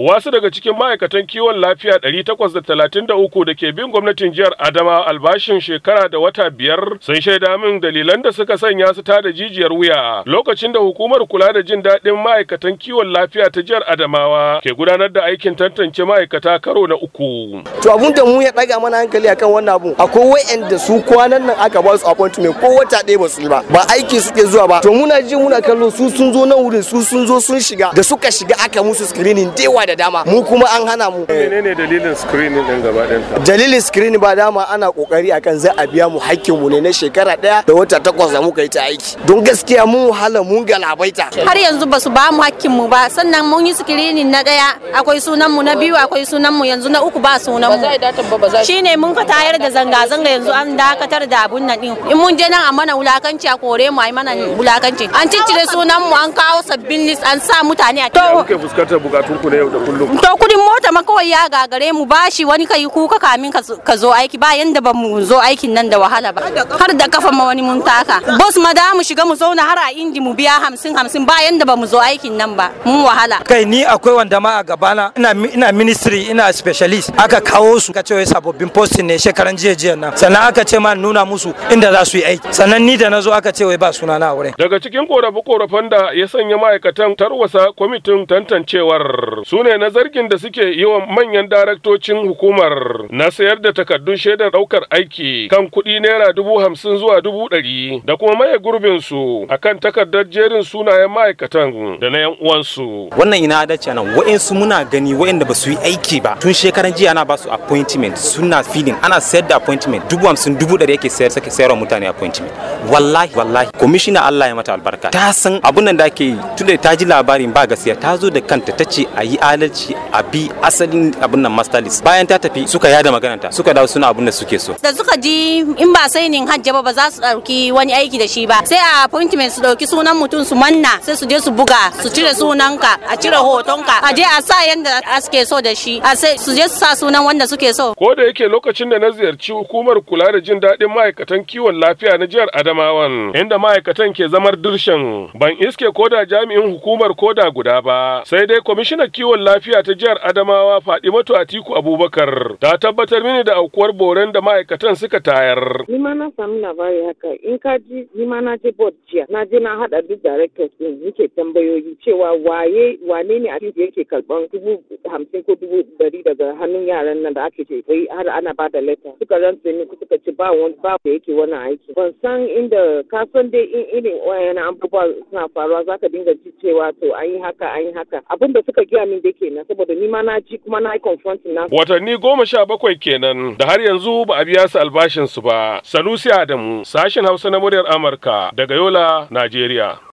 Wasu daga cikin ma'aikatan kiwon lafiya ɗari 833 da talatin da da uku ke bin gwamnatin jihar Adama albashin shekara da wata biyar sun shaida min dalilan da suka sanya su ta da jijiyar wuya lokacin da hukumar kula da jin daɗin ma'aikatan kiwon lafiya ta jihar Adamawa ke gudanar da aikin tantance ma'aikata karo na uku. To abun da mu ya ɗaga mana hankali akan wannan abu akwai wa'anda su kwanan nan aka ba su appointment ko wata ɗaya ba su yi ba ba aiki suke zuwa ba to muna ji muna kallo su sun zo nan wurin su sun zo sun shiga da suka shiga aka musu screening dewa da dama mu kuma an hana mu eh. menene dalilin screening din gaba ɗaya dalilin screening ba dama ana kokari akan za a biya mu hakkin mu ne na shekara ɗaya da wata takwas da muka yi ta aiki don gaskiya mun wahala mun labaita har yanzu ba su ba mu hakkin mu ba sannan mun yi screening na ɗaya akwai sunan mu na biyu akwai sunan mu yanzu na uku ba sunan mu shine mun ka tayar da zanga zanga yanzu an dakatar da abun nan din in mun je nan a mana wulakanci a kore mu a mana wulakanci an ciccire sunan mu an kawo sabbin list an sa mutane a to kuke fuskantar bukatun ku na yau da kullum to kudin mota ma kawai ya gagare mu bashi wani kai kuka kamin ka zo aiki ba yanda ba mu zo aikin nan da wahala ba har da kafa ma wani mun taka boss ma da mu shiga mu zauna har a indi mu biya hamsin hamsin ba yanda ba mu zo aikin nan ba mun wahala kai ni akwai wanda ma a gabana ina ina ministry ina specialist aka kawo su ka ce wai sababbin posting ne shekaran jiya jiya nan sannan aka ce ma nuna musu inda za su yi aiki sannan ni da na zo aka ce wai ba suna na wurin daga cikin korafi korafan da ya sanya ma'aikatan tarwasa kwamitin tantancewar su na zargin da suke yi wa manyan daraktocin hukumar na sayar da takardun shaidar ɗaukar aiki kan kuɗi naira dubu hamsin zuwa dubu ɗari da kuma maye gurbin su akan takardar jerin sunayen ma'aikatan da na yan uwansu. Wannan ina adalci nan wa'insu muna gani wa'inda ba su yi aiki ba tun shekaran jiya ana ba su appointment suna feeling ana sayar da appointment dubu hamsin dubu ɗari yake sayar sake sayarwa mutane appointment wallahi wallahi kwamishina Allah ya mata albarka ta san abun nan da ake yi tunda ta ji labarin ba gaskiya ta zo da kanta ta ce a yi a. adalci a bi asalin abin nan master bayan ta tafi suka yada magananta suka dawo suna abin da suke so da suka ji in ba sai nin hajja ba za su dauki wani aiki da shi ba sai a appointment su dauki sunan mutum su manna sai su je su buga su cire sunanka a cire hotonka a je a sa yanda suke so da shi a sai su je su sa sunan wanda suke so ko da yake lokacin da na ziyarci hukumar kula da jin daɗin ma'aikatan kiwon lafiya na jihar Adamawan inda ma'aikatan ke zamar dirshan ban iske ko da jami'in hukumar ko da guda ba sai dai kwamishinan kiwon kiwon lafiya ta jihar Adamawa Fadimatu Atiku Abubakar ta tabbatar mini da aukuwar boren da ma'aikatan suka tayar. Ni ma na samu labari haka in ka ji ni ma na je board jiya na je na haɗa duk directors ɗin nake tambayoyi cewa waye wane ne a yake karban dubu hamsin ko dubu dari daga hannun yaran nan da ake ce har ana ba da letter suka rantse ni suka ce ba wani ba da yake wannan aiki ban san inda ka san dai in irin wayan abubuwa suna faruwa zaka dinga ji cewa to an yi haka an yi haka abinda suka gaya min yake kenan saboda ni ma na ji kuma na yi confronting na. Watanni goma sha bakwai kenan da har yanzu ba a biya su albashinsu ba. Sanusi Adamu, sashen Hausa na muryar Amurka daga Yola, Najeriya.